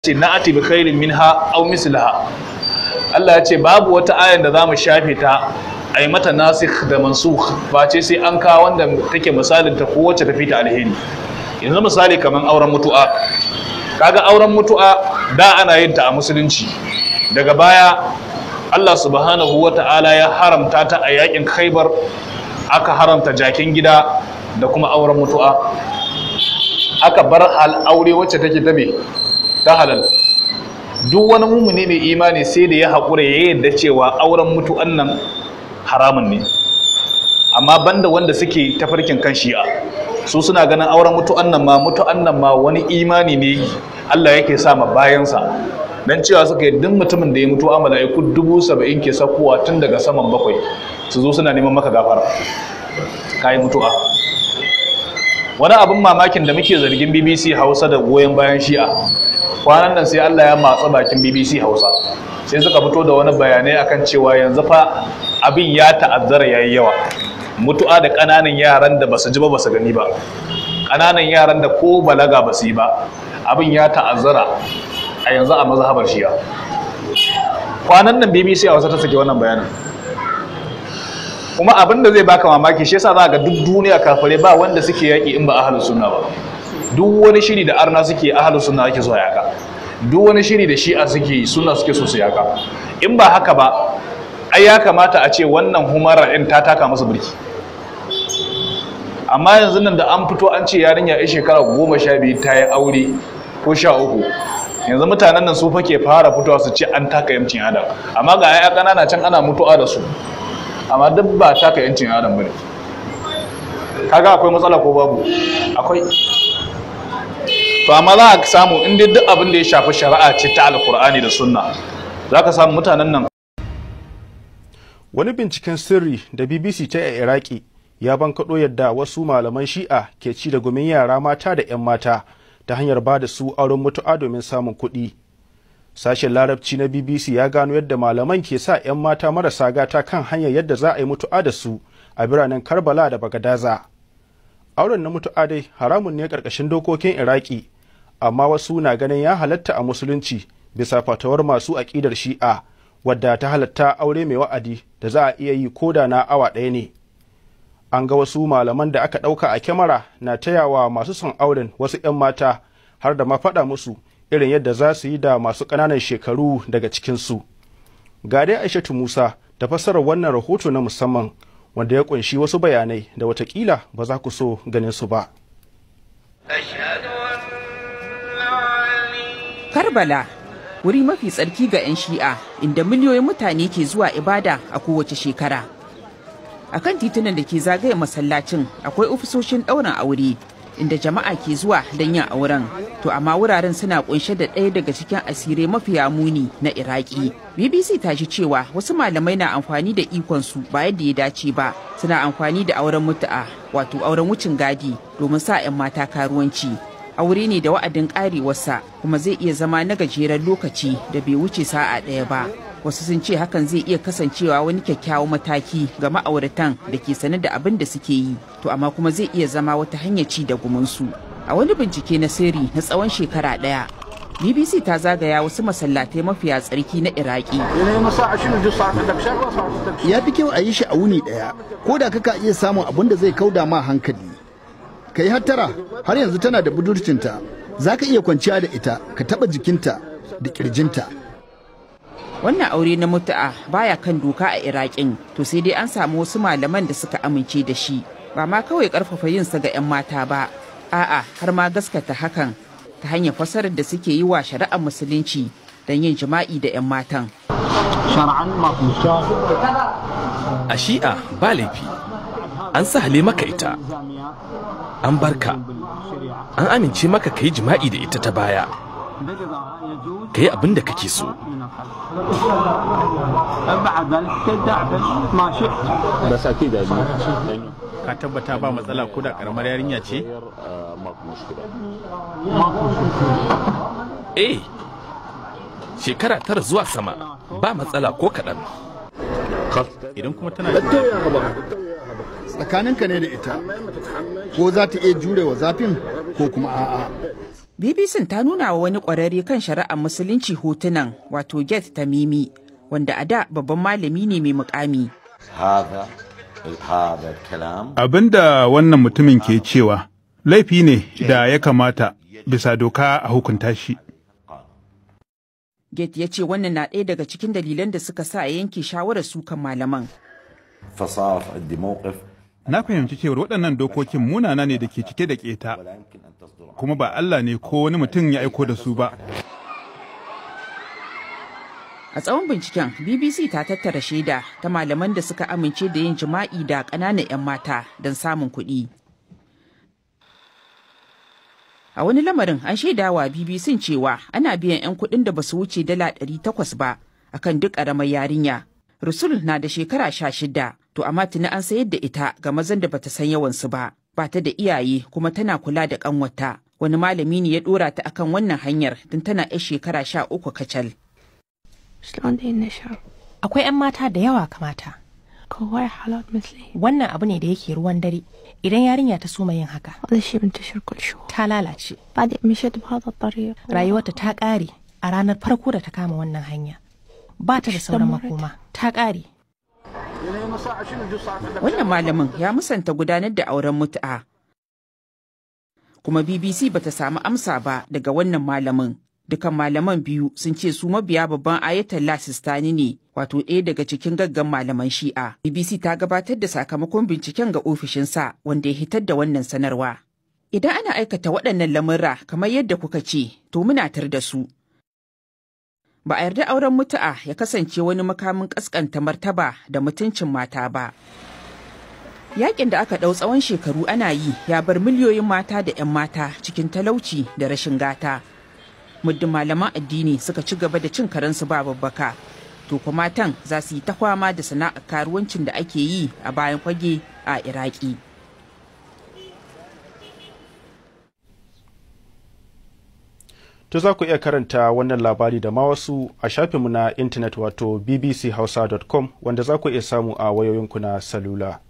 ce na'ati bi khairin minha aw mislaha Allah ya ce babu wata ayan da zamu shafe ta ai mata nasikh da mansukh ba ce sai an kawo wanda take misalin ta ko wacce tafi ta alheri yanzu misali kaman auren mutu'a kaga auren mutu'a da ana yin ta a musulunci daga baya Allah subhanahu wata'ala ya haramta ta a yakin Khaibar aka haramta jakin gida da kuma auren mutu'a aka bar aure wacce take ta ta halal duk wani mumuni mai imani sai da ya haƙura ya yadda cewa auren mutu'an nan haramun ne amma banda wanda suke tafarkin kan shi'a su suna ganin auren mutu'an nan ma mutu'an nan ma wani imani ne Allah yake sa ma bayansa dan cewa suka yi duk mutumin da ya mutu a mala'iku dubu saba'in ke sakuwa tun daga saman bakwai su zo suna neman maka gafara kayi mutu'a wani abin mamakin da muke zargin bbc hausa da goyon bayan shi'a kwanan nan sai Allah ya matsa bakin BBC Hausa sai suka fito da wani bayanai akan cewa yanzu fa abin ya ta'azzara yayi yawa mutu'a da ƙananan yaran da basu ji ba basu gani ba ƙananan yaran da ko balaga basu yi ba abin ya ta'azzara a yanzu a mazhabar Shia kwanan nan BBC Hausa ta saki wannan bayanan. kuma abin da zai baka mamaki shi yasa za ga duk duniya kafare ba wanda suke yaƙi in ba ahlus sunna ba duk wani shiri da arna suke ahalu suna ake zuwa yaka duk wani shiri da shi'a suke suna suke su yaka in ba haka ba ai ya kamata a ce wannan humara ɗin ta taka masa birki amma yanzu nan da an fito an ce yarinya ya shekara goma sha biyu ta yi aure ko sha uku yanzu mutanen nan su fake fara fitowa su ce an taka yancin adam amma ga ya ƙanana can ana mutuwa da su amma duk ba taka yancin adam ba ne kaga akwai matsala ko babu akwai to amma za ka samu in duk abin da ya shafi shari'a ce ta alkur'ani da sunna za ka samu mutanen nan wani binciken sirri da bbc ta a iraki ya bankaɗo yadda wasu malaman shi'a ke ci da gumin yara mata da 'yan mata ta hanyar ba da su auren mutu'a domin samun kuɗi sashen larabci na bbc ya gano yadda malaman ke sa 'yan mata marasa gata kan hanyar yadda za a yi mutu'a da su a biranen karbala da bagadaza auren na mutu'a dai haramun ne karkashin dokokin iraki amma wasu na ganin ya halatta a musulunci bisa fatawar masu aƙidar shi'a wadda ta halatta aure mai wa'adi da za a iya yi ko da na awa ɗaya ne an ga wasu malaman da aka ɗauka a kyamara na taya wa masu son auren wasu 'yan mata har da ma faɗa musu irin yadda za su yi da masu ƙananan shekaru daga cikinsu ga dai aishatu musa da fassarar wannan rahoto na musamman wanda ya ƙunshi wasu bayanai da watakila ba za ku so ganin su ba. Karbala wuri mafi tsarki ga 'yan shi'a inda miliyoyin mutane ke zuwa ibada a kowace shekara. A kan titunan da ke zagaye masallacin akwai ofisoshin ɗaurin aure inda jama'a ke zuwa don yin auren. To amma wuraren suna kunshe da ɗaya daga cikin asirai mafi muni na Iraki. BBC ta ji cewa wasu malamai na amfani da ikon su ba yadda ya dace ba. Suna amfani da auren mutu'a wato auren wucin gadi domin sa 'yan mata karuwanci. aure ne da wa'adin karewarsa kuma zai iya zama na gajeren lokaci da bai wuce sa'a ɗaya ba wasu sun ce hakan zai iya kasancewa wani kyakkyawan mataki ga ma'auratan da ke sane da abin da suke yi to amma kuma zai iya zama wata hanyar ci da gumunsu a wani bincike na sirri na tsawon shekara ɗaya bbc ta zagaya wasu masallatai mafiya tsarki na iraki ya fi kyau a yi shi a wuni ɗaya ko da kaka iya samun abin da zai kauda ma hankali ka yi hattara har yanzu tana da budurcinta za ka iya kwanciya da ita ka taɓa jikinta da ƙirjinta wannan aure na mutu'a baya kan doka a iraƙin to sai dai an samu wasu malaman da suka amince da shi ba ma kawai ƙarfafa yinsa ga 'yan mata ba a'a har ma gaskata hakan ta hanyar fasarar da suke yi wa shari'ar musulunci don yin jima'i da 'yan matan a shi'a ba laifi an sahale maka ita an barka an amince maka ka yi jima'i da ita ta baya ka yi abin da kake so ka tabbata ba matsala ko da karamar yarinya ce? eh shekara tara zuwa sama ba matsala ko kaɗan idan kuma tana tsakaninka ne da ita ko za ta iya wa zafin ko kuma a'a bbc ta nuna wa wani kwararre kan shari'ar musulunci hotunan wato get tamimi wanda a da babban malami ne mai mukami Abin da wannan mutumin ke cewa laifi ne da ya kamata bisa doka a hukunta shi Gate ya ce wannan na ɗaya daga cikin dalilan da suka sa a yanke shawarar sukan malaman. Na fahimci cewar waɗannan dokokin munana ne da ke cike da ƙeta, kuma ba Allah ne ko wani mutum ya aiko da su ba. A tsawon binciken, BBC ta tattara shaida ta malaman da suka amince da yin jima'i da ƙananan 'yan mata don samun kuɗi. a wani lamarin an shaidawa bbc cewa ana biyan 'yan kuɗin da basu wuce dala 800 ba akan duk ƙaramar yarinya rusul na da shekara sha shida to amma tuni an sayar da ita ga mazan da bata san yawansu ba ba ta da iyaye kuma tana kula da ƙanwata wani malami ne ya ɗora ta akan wannan hanyar tun tana 'yan shekara sha uku kacal akwai 'yan mata da yawa kamata kawai halat misli wannan abu ne da yake ruwan dare idan yarinya ta suma yin haka shi ta lalace rayuwarta ta ƙare a ranar farko da ta kama wannan hanya ba ta da sauran makoma ta kare wannan malamin ya musanta gudanar da auren mutu'a kuma bbc bata samu amsa ba daga wannan malamin dukan malaman biyu sun ce su mabiya babban ayatollah lasistani ne wato ɗaya daga cikin gaggan malaman shi'a bbc ta gabatar da sakamakon binciken ga ofishinsa wanda ya hitar da wannan sanarwa idan ana aikata waɗannan lamurra kamar yadda kuka ce to muna tar da su ba a yarda auren mutu'a ya kasance wani makamin ƙasƙanta martaba da mutuncin mata ba Yakin da aka ɗau tsawon shekaru ana yi ya bar miliyoyin mata da 'yan mata cikin talauci da rashin gata. muddin malaman addini suka ci gaba da cin karensu ba babbaka to kuma tan za su yi ta kwama da sana'ar karuwancin da ake yi a bayan kwage a iraki to za ku iya karanta wannan labari da ma wasu a shafinmu na intanet wato bbchausa.com wanda za ku iya samu a wayoyinku na salula